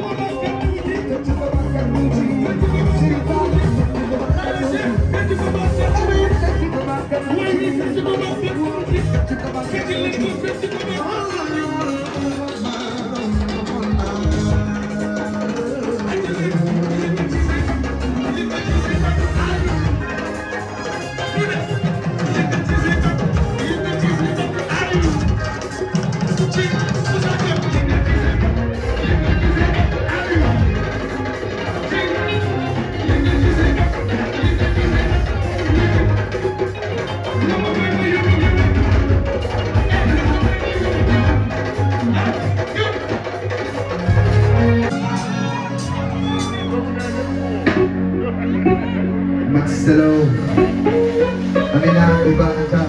Thank you. Hello. Kami na iba ang